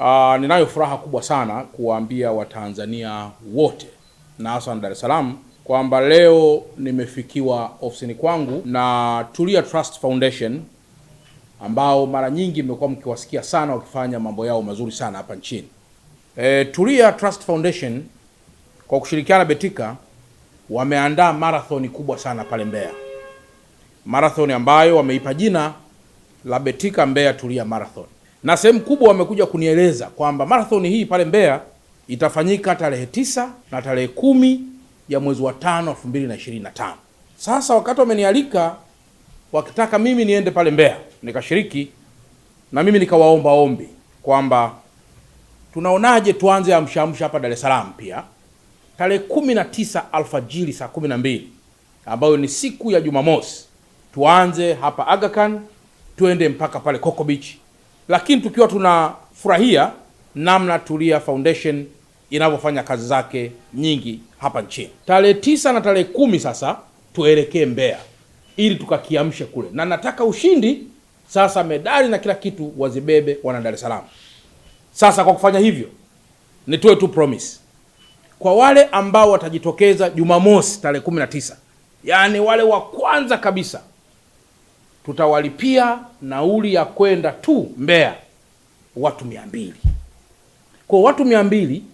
Uh, ninayo furaha kubwa sana kuwaambia Watanzania wote na hasa Dar es Salaam kwamba leo nimefikiwa ofisini kwangu na Tulia Trust Foundation ambao mara nyingi mmekuwa mkiwasikia sana wakifanya mambo yao mazuri sana hapa nchini. E, Tulia Trust Foundation kwa kushirikiana Betika wameandaa marathon kubwa sana pale Mbeya, Marathon ambayo wameipa jina la Betika Mbeya Tulia Marathon na sehemu kubwa wamekuja kunieleza kwamba marathon hii pale Mbeya itafanyika tarehe tisa na tarehe kumi ya mwezi wa tano elfu mbili na ishirini na tano. Sasa wakati wamenialika wakitaka mimi niende pale Mbeya nikashiriki, na mimi nikawaomba ombi kwamba tunaonaje tuanze amshaamsha hapa Dar es Salaam pia tarehe kumi na tisa alfajiri saa kumi na mbili ambayo ni siku ya Jumamosi, tuanze hapa Aga Khan tuende mpaka pale Coco Beach lakini tukiwa tunafurahia namna Tulia Foundation inavyofanya kazi zake nyingi hapa nchini. Tarehe tisa na tarehe kumi sasa tuelekee Mbeya ili tukakiamshe kule, na nataka ushindi sasa, medali na kila kitu wazibebe wana Dar salam Sasa kwa kufanya hivyo, nitoe tu promise kwa wale ambao watajitokeza Jumamosi tarehe kumi na tisa, yaani wale wa kwanza kabisa tutawalipia nauli ya kwenda tu Mbeya watu mia mbili. Kwa watu mia mbili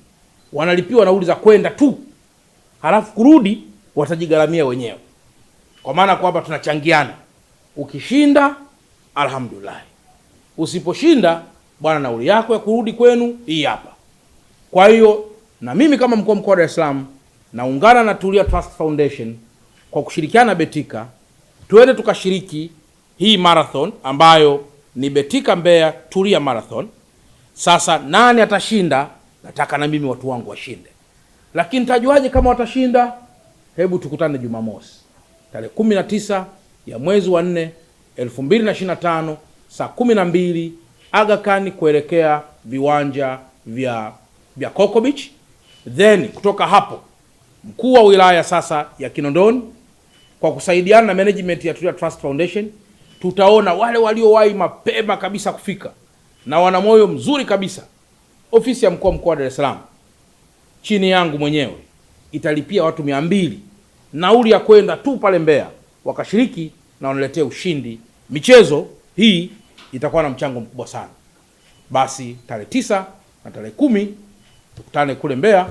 wanalipiwa nauli za kwenda tu, halafu kurudi watajigharamia wenyewe, kwa maana kwamba tunachangiana. Ukishinda alhamdulillahi, usiposhinda bwana, nauli yako ya kurudi kwenu hii hapa. Kwa hiyo na mimi kama mkuu wa mkoa wa Dar es Salaam naungana na Tulia Trust Foundation kwa kushirikiana na Betika, tuende tukashiriki hii marathon ambayo ni Betika Mbeya Tulia Marathon. Sasa nani atashinda? Nataka na mimi watu wangu washinde, lakini tajuaje kama watashinda? Hebu tukutane Jumamosi tarehe 19 ya mwezi wa 4 2025 saa 12 Aga Khan kuelekea viwanja vya vya Coco Beach, then kutoka hapo mkuu wa wilaya sasa ya Kinondoni kwa kusaidiana na management ya Tulia Trust Foundation tutaona wale waliowahi mapema kabisa kufika na wana moyo mzuri kabisa. Ofisi ya mkuu wa mkoa wa Dar es Salaam chini yangu mwenyewe italipia watu mia mbili nauli ya kwenda tu pale Mbeya, wakashiriki na wanaletea ushindi. Michezo hii itakuwa na mchango mkubwa sana. Basi tarehe tisa na tarehe kumi tukutane kule Mbeya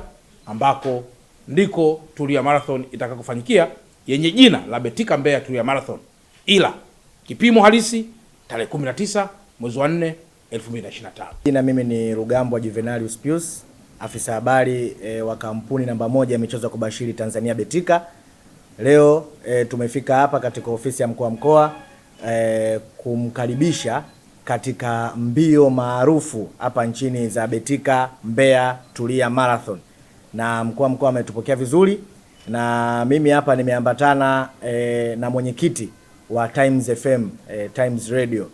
ambako ndiko Tulia Marathon itakakofanyikia yenye jina la Betika Mbeya Tulia Marathon ila Kipimo halisi tarehe 19 mwezi wa 4 2025. Jina mimi ni Rugambwa Juvenalius Pius, afisa habari e, wa kampuni namba moja ya michezo ya kubashiri Tanzania Betika. Leo e, tumefika hapa katika ofisi ya mkuu wa mkoa e, kumkaribisha katika mbio maarufu hapa nchini za Betika Mbeya Tulia Marathon, na mkuu wa mkoa ametupokea vizuri, na mimi hapa nimeambatana e, na mwenyekiti wa Times FM eh, Times Radio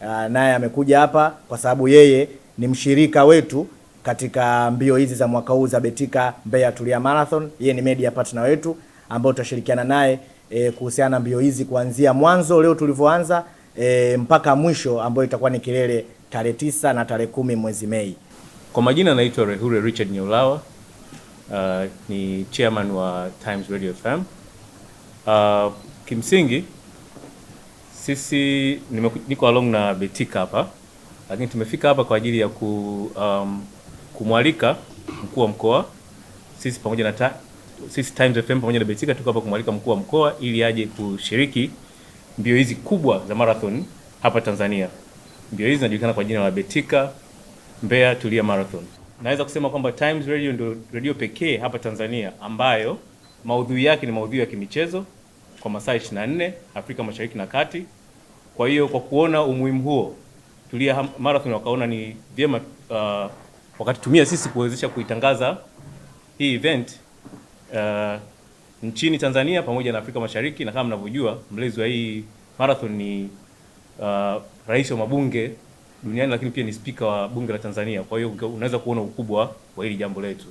uh, naye amekuja hapa kwa sababu yeye ni mshirika wetu katika mbio hizi za mwaka huu za Betika Mbeya Tulia Marathon. Yeye ni media partner wetu ambao tutashirikiana naye eh, kuhusiana na mbio hizi kuanzia mwanzo leo tulivyoanza eh, mpaka mwisho ambayo itakuwa ni kilele tarehe tisa na tarehe kumi mwezi Mei. Kwa majina naitwa Rehure Richard Nyeulawa. Uh, ah, ni chairman wa Times Radio FM. Uh, ah, kimsingi sisi nimeku, niko along na Betika hapa lakini tumefika hapa kwa ajili ya ku, um, kumwalika mkuu wa mkoa sisi pamoja na ta, sisi Times FM pamoja na Betika tuko hapa kumwalika mkuu wa mkoa ili aje kushiriki mbio hizi kubwa za marathon hapa Tanzania. Mbio hizi zinajulikana kwa jina la Betika Mbeya Tulia Marathon. Naweza kusema kwamba Times Radio ndio radio pekee hapa Tanzania ambayo maudhui yake ni maudhui ya kimichezo kwa masaa 24 Afrika Mashariki na Kati. Kwa hiyo kwa kuona umuhimu huo, Tulia Marathon wakaona ni vyema uh, wakatutumia sisi kuwezesha kuitangaza hii event uh, nchini Tanzania pamoja na Afrika Mashariki, na kama mnavyojua mlezi wa hii marathon ni uh, rais wa mabunge duniani, lakini pia ni spika wa bunge la Tanzania. Kwa hiyo unaweza kuona ukubwa wa hili jambo letu.